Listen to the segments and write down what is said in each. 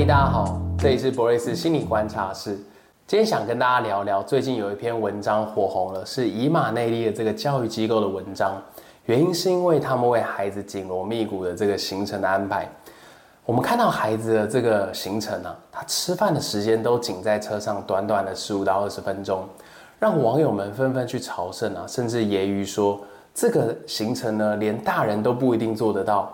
Hi, 大家好，這裡是博瑞斯心理觀察室。今天想跟大家聊聊，最近有一篇文章火紅了，是以馬內利的這個教育機構的文章。原因是因為他們為孩子緊鑼密鼓的這個行程的安排。我們看到孩子的這個行程啊，他吃飯的時間都僅在車上短短的十五到二十分鐘，讓網友們紛紛去朝聖啊，甚至揶揄說這個行程呢，連大人都不一定做得到，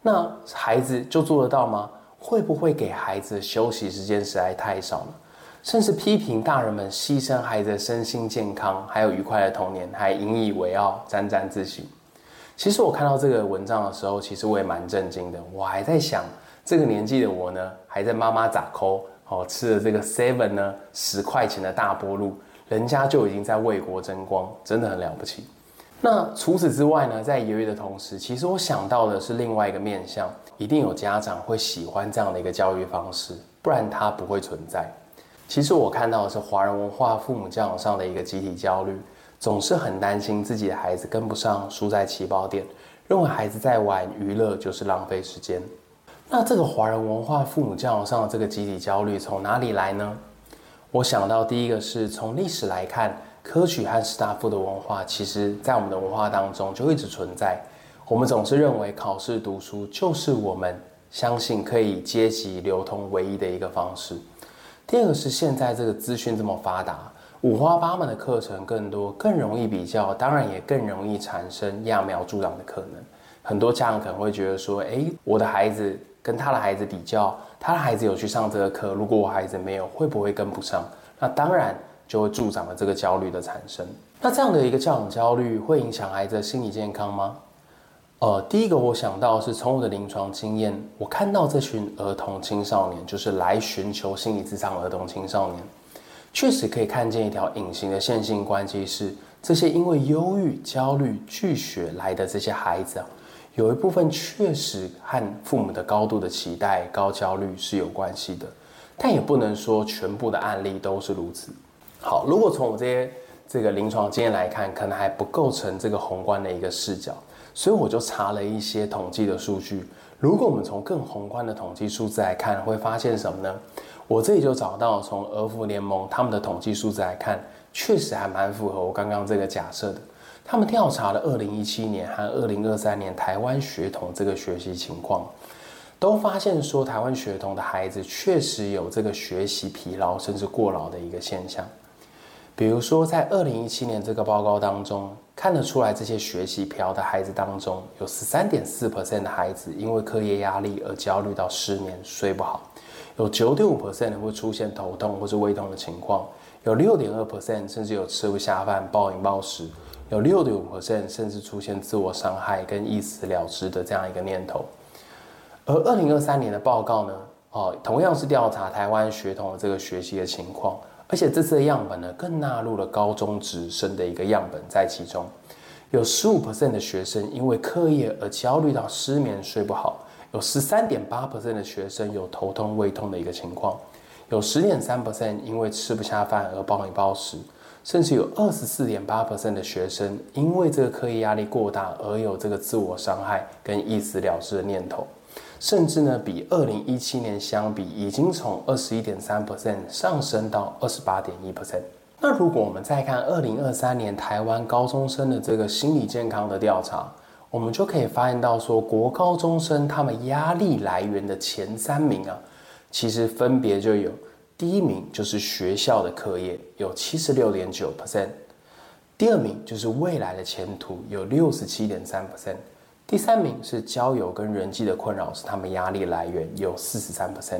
那孩子就做得到嗎？會不會給孩子休息時間實在太少了？甚至批評大人們犧牲孩子的身心健康，還有愉快的童年，還引以為傲，沾沾自喜。其實我看到這個文章的時候，其實我也蠻震驚的。我還在想，這個年紀的我呢，還在媽媽咋摳哦，吃了這個 seven 呢，十塊錢的大波露，人家就已經在為國爭光，真的很了不起。那除此之外呢？在猶豫的同時，其實我想到的是另外一個面向，一定有家長會喜歡這樣的一個教育方式，不然它不會存在。其實我看到的是華人文化父母教育上的一個集體焦慮，總是很擔心自己的孩子跟不上，輸在起跑點，認為孩子在玩娛樂就是浪費時間。那這個華人文化父母教育上的這個集體焦慮從哪裡來呢？我想到第一個是從歷史來看。科舉和士大夫的文化，其實在我們的文化當中就一直存在。我們總是認為考試讀書就是我們相信可以階級流通唯一的一個方式。第二個是現在這個資訊這麼發達，五花八門的課程更多，更容易比較，當然也更容易產生揠苗助長的可能。很多家長可能會覺得說：“誒、欸，我的孩子跟他的孩子比較，他的孩子有去上這個課，如果我孩子沒有，會不會跟不上？”那當然。就會助長了這個焦慮的產生。那這樣的一個教養焦慮會影響孩子的心理健康嗎？呃，第一個我想到是從我的臨床經驗，我看到這群兒童青少年，就是來尋求心理諮商兒童青少年，確實可以看見一條隱形的線性關係，是這些因為憂鬱、焦慮拒學來的這些孩子啊，有一部分確實和父母的高度的期待、高焦慮是有關係的，但也不能說全部的案例都是如此。好，如果從我這些這個臨床經驗來看，可能還不構成這個宏觀的一個視角，所以我就查了一些統計的數據。如果我們從更宏觀的統計數字來看，會發現什麼呢？我這裡就找到從兒福聯盟他們的統計數字來看，確實還蠻符合我剛剛這個假設的。他們調查了二零一七年和二零二三年台灣學童這個學習情況，都發現說台灣學童的孩子確實有這個學習疲勞甚至過勞的一個現象。比如說，在二零一七年這個報告當中，看得出來，這些學習疲勞的孩子當中，有十三點四 percent 的孩子因為課業壓力而焦慮到失眠睡不好，有九點五 percent 會出現頭痛或者胃痛的情況，有六點二 percent 甚至有吃不下飯、暴飲暴食，有六點五 percent 甚至出現自我傷害跟一死了之的這樣一個念頭。而二零二三年的報告呢，哦，同樣是調查台灣學童的這個學習的情況。而且這次的樣本呢，更納入了高中職生的一個樣本在其中，有十五 percent 的學生因為課業而焦慮到失眠睡不好，有十三點八 percent 的學生有頭痛胃痛的一個情況，有十點三 percent 因為吃不下飯而暴飲暴食，甚至有二十四點八 percent 的學生因為這個課業壓力過大而有這個自我傷害跟一死了之的念頭。甚至呢，比二零一七年相比，已經從二十一點三 percent 上升到二十八點一 percent。那如果我們再看二零二三年台灣高中生的這個心理健康的調查，我們就可以發現到說，國高中生他們壓力來源的前三名啊，其實分別就有，第一名就是學校的課業，有七十六點九 percent；第二名就是未來的前途，有六十七點三 percent。第三名是交友跟人際的困擾，是他們壓力來源，有四十三%，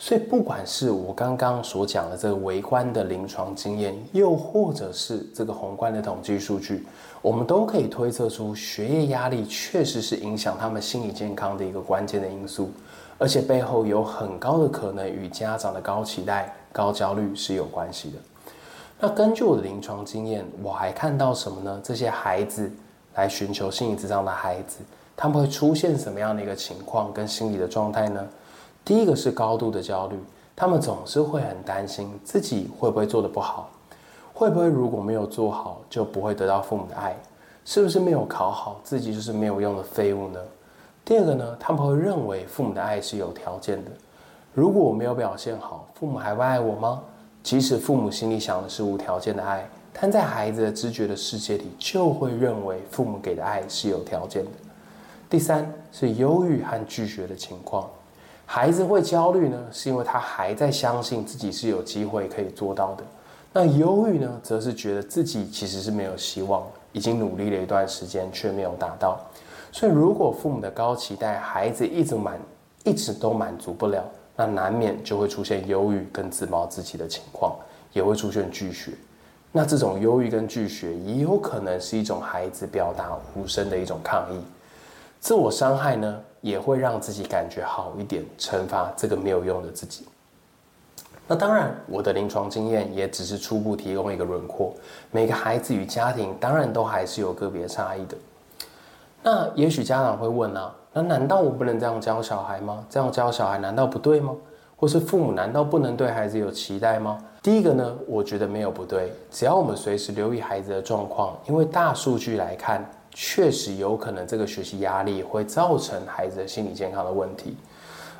所以不管是我剛剛所講的這個微觀的臨床經驗，又或者是這個宏觀的統計數據，我們都可以推測出學業壓力確實是影響他們心理健康的一個關鍵的因素，而且背後有很高的可能與家長的高期待、高焦慮是有關係的。那根據我的臨床經驗，我還看到什麼呢？這些孩子。來尋求心理智障的孩子，他們會出現什麼樣的一個情況跟心理的狀態呢？第一個是高度的焦慮，他們總是會很擔心自己會不會做得不好，會不會如果沒有做好就不會得到父母的愛，是不是沒有考好自己就是沒有用的廢物呢？第二個呢，他們會認為父母的愛是有條件的，如果我沒有表現好，父母還會愛我嗎？即使父母心裡想的是無條件的愛。但在孩子的知覺的世界裡，就會認為父母給的愛是有條件的。第三是憂鬱和拒絕的情況，孩子會焦慮呢，是因為他還在相信自己是有機會可以做到的。那憂鬱呢，則是覺得自己其實是沒有希望，已經努力了一段時間卻沒有達到。所以，如果父母的高期待，孩子一直滿一直都滿足不了，那難免就會出現憂鬱跟自暴自棄的情況，也會出現拒絕。那這種憂鬱跟拒絕，也有可能是一種孩子表達無聲的一種抗議。自我傷害呢，也會讓自己感覺好一點，懲罰這個沒有用的自己。那當然，我的臨床經驗也只是初步提供一個輪廓，每個孩子與家庭當然都還是有個別差異的。那也許家長會問啊，那難道我不能這樣教小孩嗎？這樣教小孩難道不對嗎？或是父母難道不能對孩子有期待嗎？第一個呢，我覺得沒有不對，只要我們隨時留意孩子的狀況，因為大數據來看，確實有可能這個學習壓力會造成孩子的心理健康的問題。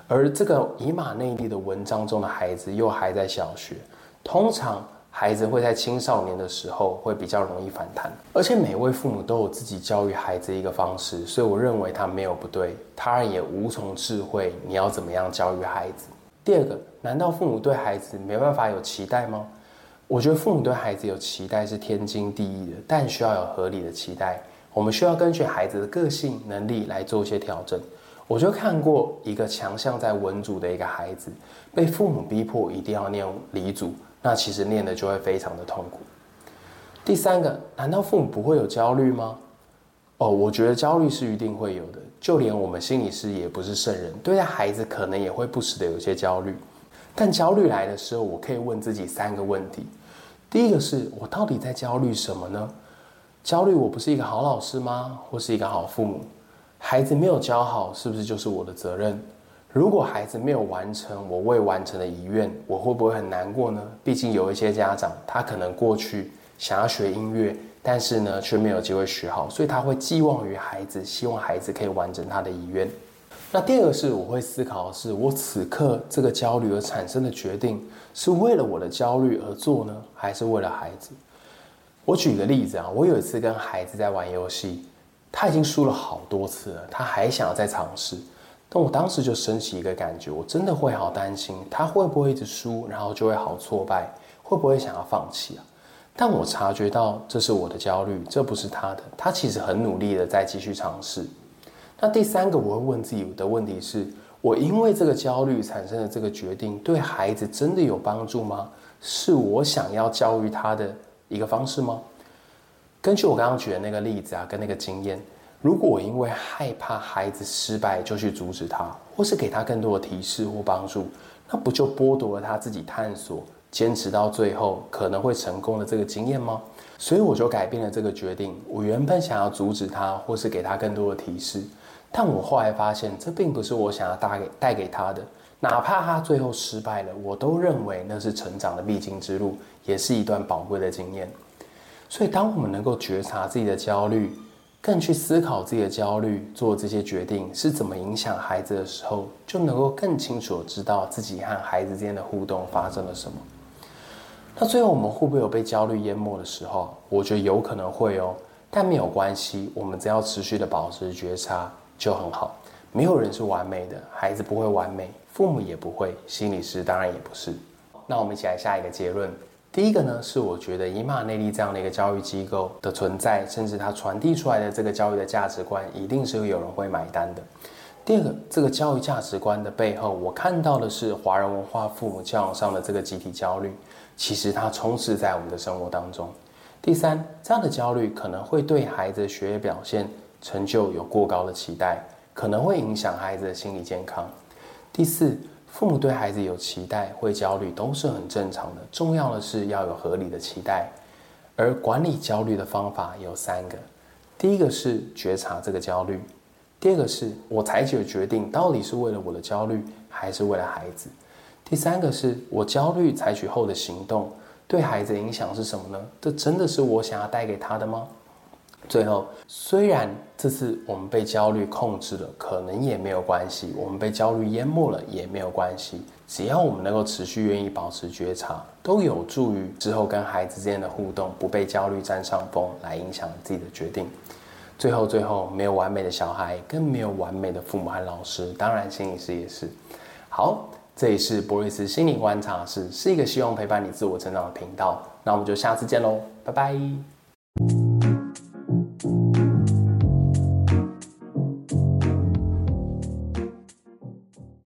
而這個以馬內利的文章中的孩子又還在小學，通常孩子會在青少年的時候會比較容易反彈。而且每位父母都有自己教育孩子的一個方式，所以我認為他沒有不對，他人也無從置喙你要怎麼樣教育孩子。第二個，難道父母對孩子沒辦法有期待嗎？我覺得父母對孩子有期待是天經地義的，但需要有合理的期待。我們需要根據孩子的個性能力來做一些調整。我就看過一個強項在文組的一個孩子，被父母逼迫一定要念理組，那其實念的就會非常的痛苦。第三個，難道父母不會有焦慮嗎？哦，我覺得焦慮是一定會有的，就連我們心理師也不是聖人，對待孩子可能也會不時的有些焦慮。但焦慮來的時候，我可以問自己三個問題：第一個是我到底在焦慮什麼呢？焦慮我不是一個好老師嗎？或是一個好父母？孩子沒有教好，是不是就是我的責任？如果孩子沒有完成我未完成的遺願，我會不會很難過呢？畢竟有一些家長，他可能過去想要學音樂。但是呢，卻沒有機會學好，所以他會寄望於孩子，希望孩子可以完成他的遺願。那第二個是，我會思考的是，我此刻這個焦慮而產生的決定，是為了我的焦慮而做呢，還是為了孩子？我舉個例子啊，我有一次跟孩子在玩遊戲，他已經輸了好多次了，他還想要再嘗試，但我當時就升起一個感覺，我真的會好擔心，他會不會一直輸，然後就會好挫敗，會不會想要放棄啊？但我察覺到這是我的焦慮，這不是他的。他其實很努力的在繼續嘗試。那第三個我會問自己的問題是：我因為這個焦慮產生的這個決定，對孩子真的有幫助嗎？是我想要教育他的一個方式嗎？根據我剛剛舉的那個例子啊，跟那個經驗，如果我因為害怕孩子失敗就去阻止他，或是給他更多的提示或幫助，那不就剝奪了他自己探索堅持到最後可能會成功的這個經驗嗎？所以我就改變了這個決定。我原本想要阻止他，或是給他更多的提示，但我後來發現這並不是我想要帶給帶給他的。哪怕他最後失敗了，我都認為那是成長的必經之路，也是一段寶貴的經驗。所以，當我們能夠覺察自己的焦慮，更去思考自己的焦慮，做這些決定是怎麼影響孩子的時候，就能夠更清楚地知道自己和孩子之間的互動發生了什麼。那最後我們會不會有被焦慮淹沒的時候？我覺得有可能會哦、喔，但沒有關係，我們只要持續的保持覺察就很好。沒有人是完美的，孩子不會完美，父母也不會，心理師當然也不是。那我們一起來下一個結論。第一個呢，是我覺得以馬內利這樣的一個教育機構的存在，甚至它傳遞出來的這個教育的價值觀，一定是有有人會買單的。第二個，這個教育價值觀的背後，我看到的是華人文化父母教養上的這個集體焦慮。其實它充斥在我們的生活當中。第三，這樣的焦慮可能會對孩子學業表現、成就有過高的期待，可能會影響孩子的心理健康。第四，父母對孩子有期待、會焦慮都是很正常的，重要的是要有合理的期待。而管理焦慮的方法有三個：第一個是覺察這個焦慮；第二個是我採取的決定，到底是為了我的焦慮，還是為了孩子。第三個是我焦慮採取後的行動對孩子影響是什麼呢？這真的是我想要帶給他的嗎？最後，雖然這次我們被焦慮控制了，可能也沒有關係；我們被焦慮淹沒了也沒有關係。只要我們能夠持續願意保持覺察，都有助於之後跟孩子之間的互動不被焦慮占上風來影響自己的決定。最後，最後沒有完美的小孩，更沒有完美的父母和老師，當然心理師也是。好。這裡是博瑞斯心理觀察室，是一個希望陪伴你自我成長的頻道。那我們就下次見嘍，拜拜。